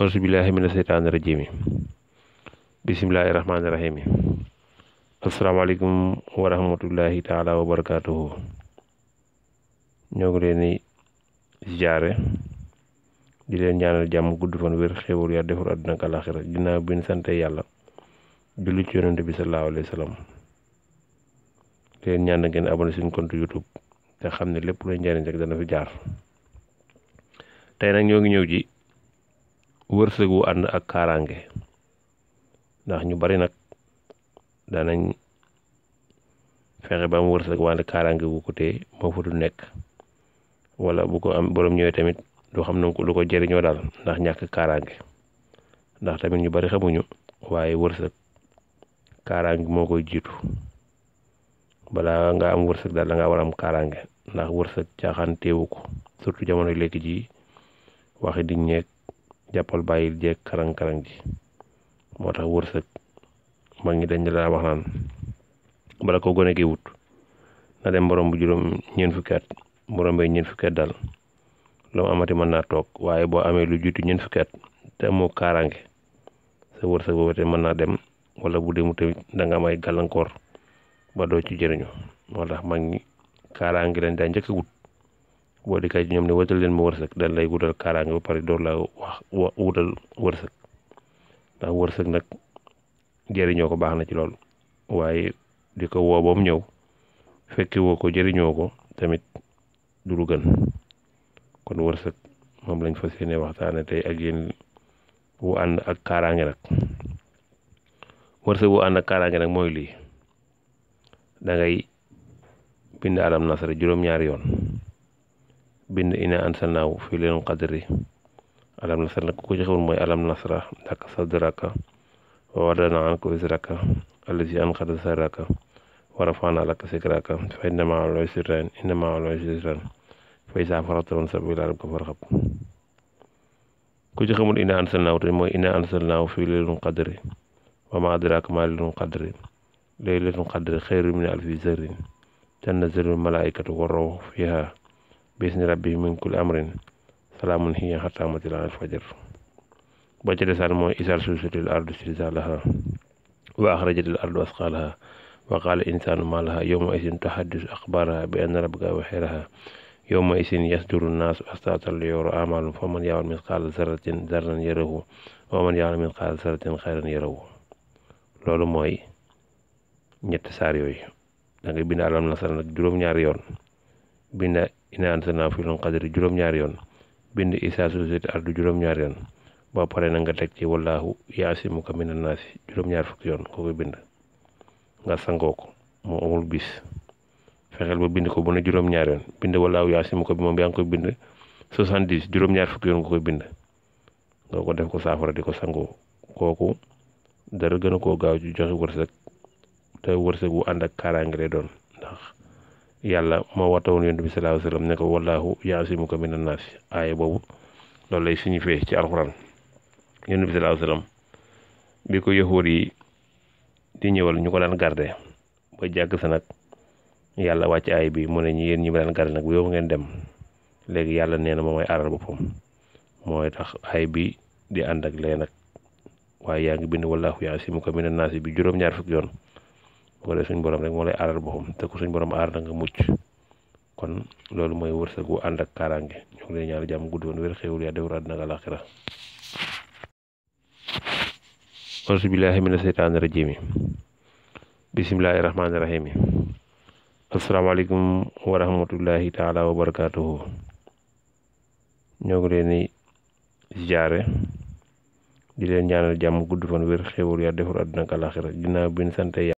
auzu billaahi mina seytaani rajiim bismillaahi rahmaani rahiim asalaamaaleykum wa rahmatullaahi taalaa wa barakaatuhu ngi leen di di leen ñaanal jàmm gudd fan wér xéewal yaa defar àdduna ak àllaaxira ginnaaw bi sante yàlla julli ci yonent bi sallallaahu alayhi wa leen ñaan ngeen abonné suñu compte YouTube te xam ne lépp luy njariñ rek dana fi jaar tey nag ñoo ngi ñëw ji. wërsëg wu ànd ak kaarange ndax ñu bari nag danañ fexe ba am wërsëg wante kaaraange wu moo fa nekk wala bu ko am borom ñëwee tamit du xam na ko lu ko jëriñoo daal ndax ñàkk kaaraange ndax tamit ñu bari xamuñu waaye wërsëg kaaraange moo koy jiitu balaa nga am wërsëg daal da ngaa war a am kaaraange ndax wërsëg caaxaan teewu ko surtout jamono léegi ji waxi di jàppal bàyyil jeeg karang-karang moo tax wërsëg mag da dañ daa wax naan bala ko gone gi wut na dem borom bu juróom ñeen fukki at borom bay ñeent fukki at daal lu amati mën naa toog waaye boo amee lu jiitu ñeent fukki at te amoo kaaraange sa wërsëg boobu te mën naa dem wala bu demu tamit danga nga am ay gàllankoor ba doo ci jëriñu moo tax mag ñi kaaraange leen daa njëkk a wut boo dikkaay ci ñoom ne wutal leen ma wërsëg dañ lay wutal kaaraange ba pare door la wax wutal wërsëg ndax wërsëg nag jëriñoo ko baax na ci lool waaye di ko woo bam ñëw fekki woo ko jëriñoo ko tamit du lu kon wërsëg moom lañ fa yéene waxtaane tey ak yéen wu ànd ak kaaraange nag wërsëg wu ànd ak kaaraange nag mooy lii da ngay bind alam juróom-ñaari yoon bind ina ansalnaahu fii leen qadri alam nasra ku ci mooy alam nasra ndaka sadraka wa anka wisraka allazi anqada sarraka laka zikraka fa inna ma'a al-usri yusran inna ma'a al-usri yusran fa ilaa rabbika farghab ku ci ina ansalnaahu te mooy ina ansalnaahu fii leen qadri wa ma ma leen qadri laylatul qadri xayrun min alfi shahrin tanazzalu al-malaa'ikatu war-ruuhu bisni rabbi min kulli amrin salaamun hiya hattaa matla'il fajr ba ci desaan mooy izaa zulzilatil ardu zilzaalahaa wa axrajatil ardu asqaalahaa wa qaala insaanu maa lahaa yawma izin tuhaddisu bi anna rabbaka waxeerahaa yawma izin yasduru naasu ashtaatan liyuraa a'maalahum faman ya'mal mithqaala zarratin dharran yarahu wa man ya'mal mithqaala zarratin khayran loolu mooy ñetti saar yooyu da nga alam nasara nag juróom-ñaari yoon ina antanaa fi loon juróom-ñaari yoon bind isaa société ardu juróom-ñaari yoon boo paree na nga teg ci wallaahu yaasimuka mina naasi juróom-ñaar fukki yoon koo koy nga sangoo ko moo amul bis fexeel ba bind ko bu ne juróom-ñaar yoon bind wallaahu yaasimuka bi moom yaa ngi koy bind soixante-dix juróom-ñaar fukki yoon nga koy bind nga ko def ko saafara di ko sangoo kooku dara gën koo gaaw ci joxe wërsëg te wërsëg wu ànd ak kaaraange lay doon yàlla moo waxtawoon yonent bi sallallahu alayhi wa sallam ne ko wallaahu yaasimuka minan naas aaya boobu loolu lay signifié ci alxuraan yonent bi sallallahu wa sallam bi ko yahuud yi di ñëwal ñu ko daan garde ba jàgg sa nag yàlla wàcc aay bi mu ne ñi yéen ñi ba daan garde nag bu yow ngeen dem léegi yàlla nee na moom mooy aaral boppam mooy tax aay bi di ànd ak leen nag waaye yaa ngi bind wallaahu yaasimuka minan naas bi juróom-ñaar fukk yoon wala suñ borom rek moo lay aaral boppam te ku suñ borom aar da nga mucc kon loolu mooy wërsëgu ànd ak kaaraange ñu ngi lay ñaanal jàmm gudd woon wér xéwul yaa dewru àddina ak alaxira auzu billaahi mina seytaani rajiim bismillaahi rahmaani rahiim asalaamaaleykum wa rahmatullahi taala wa barakaatuhu ñoo ngi leen di jaare di leen ñaanal jàmm gudd fan wér xéwal yaa defar àdduna ak alaxira ginnaaw bi ñu sant